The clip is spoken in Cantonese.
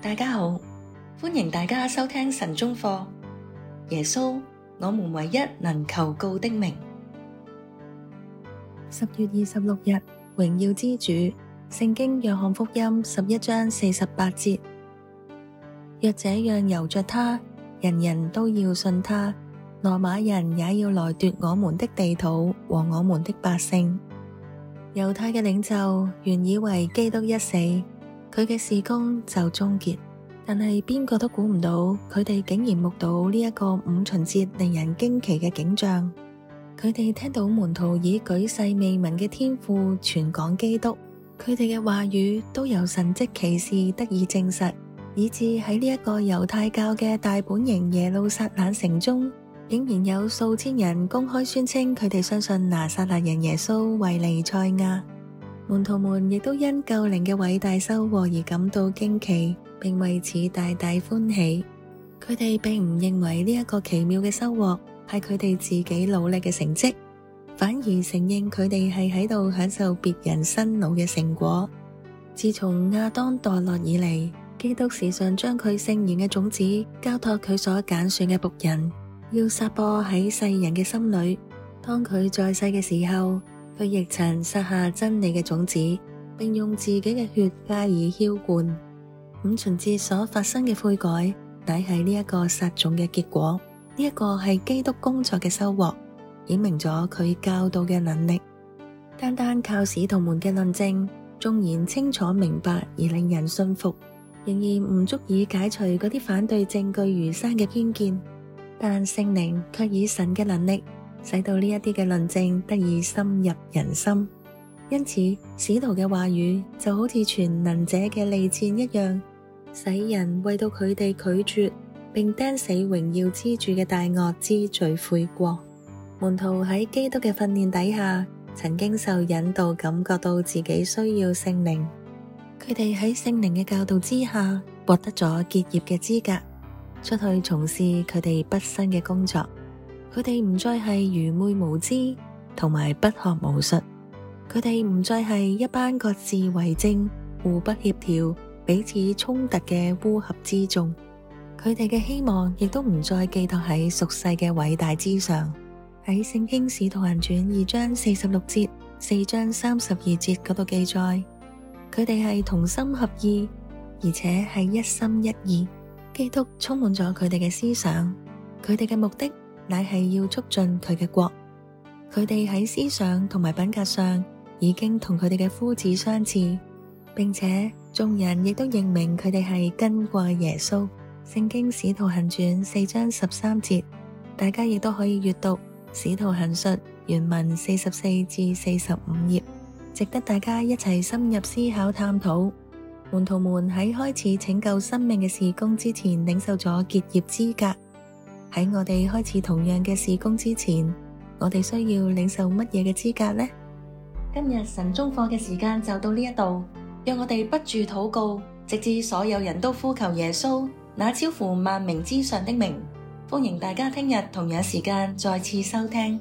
大家好，歡迎大家收聽神中課。耶穌，我們唯一能求告的名。十月二十六日，榮耀之主，聖經約翰福音十一章四十八節。若這樣由着他，人人都要信他，羅馬人也要來奪我們的地土和我們的百姓。猶太嘅領袖原以為基督一死，佢嘅事工就終結，但係邊個都估唔到，佢哋竟然目睹呢一個五旬節令人驚奇嘅景象。佢哋聽到門徒以舉世未聞嘅天賦傳講基督，佢哋嘅話語都由神蹟奇事得以證實，以至喺呢一個猶太教嘅大本營耶路撒冷城中，竟然有數千人公開宣稱佢哋相信拿撒勒人耶穌為彌賽亞。門徒們亦都因救靈嘅偉大收穫而感到驚奇，並為此大大歡喜。佢哋並唔認為呢一個奇妙嘅收穫係佢哋自己努力嘅成績，反而承認佢哋係喺度享受別人辛勞嘅成果。自從亞當墮落以嚟，基督時常將佢聖言嘅種子交託佢所揀選嘅僕人，要撒播喺世人嘅心裏。當佢在世嘅時候，佢亦曾撒下真理嘅種子，並用自己嘅血加以澆灌。五旬節所發生嘅悔改，乃係呢一個撒種嘅結果。呢一個係基督工作嘅收穫，顯明咗佢教導嘅能力。單單靠使徒們嘅論證，縱然清楚明白而令人信服，仍然唔足以解除嗰啲反對證據如山嘅偏見。但聖靈却以神嘅能力。使到呢一啲嘅論證得以深入人心，因此使徒嘅話語就好似全能者嘅利劍一樣，使人為到佢哋拒絕並釘死榮耀之主嘅大惡之罪悔過。門徒喺基督嘅訓練底下，曾經受引導，感覺到自己需要聖靈。佢哋喺聖靈嘅教導之下，獲得咗結業嘅資格，出去從事佢哋畢生嘅工作。佢哋唔再係愚昧無知同埋不學無術，佢哋唔再係一班各自為政、互不協調、彼此衝突嘅烏合之眾。佢哋嘅希望亦都唔再寄託喺俗世嘅偉大之上。喺《聖經使徒行傳》二章四十六節、四章三十二節嗰度記載，佢哋係同心合意，而且係一心一意，基督充滿咗佢哋嘅思想。佢哋嘅目的。乃係要促進佢嘅國，佢哋喺思想同埋品格上已經同佢哋嘅夫子相似，並且眾人亦都認明佢哋係跟過耶穌。聖經使徒行傳四章十三節，大家亦都可以閱讀使徒行述原文四十四至四十五頁，值得大家一齊深入思考探討。門徒們喺開始拯救生命嘅事工之前，領受咗結業資格。喺我哋開始同樣嘅事工之前，我哋需要領受乜嘢嘅資格呢？今日神中課嘅時間就到呢一度，讓我哋不住禱告，直至所有人都呼求耶穌，那超乎萬名之上的名。歡迎大家聽日同樣時間再次收聽。